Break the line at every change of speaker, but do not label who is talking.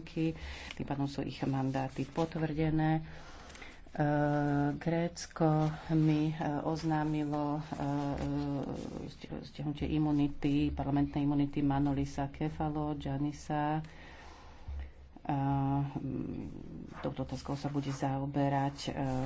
podniky, tým pádom sú ich mandáty potvrdené. E, Grécko mi e, oznámilo e, stiahnutie imunity, parlamentnej imunity Manolisa Kefalo, Janisa. Touto otázkou sa bude zaoberať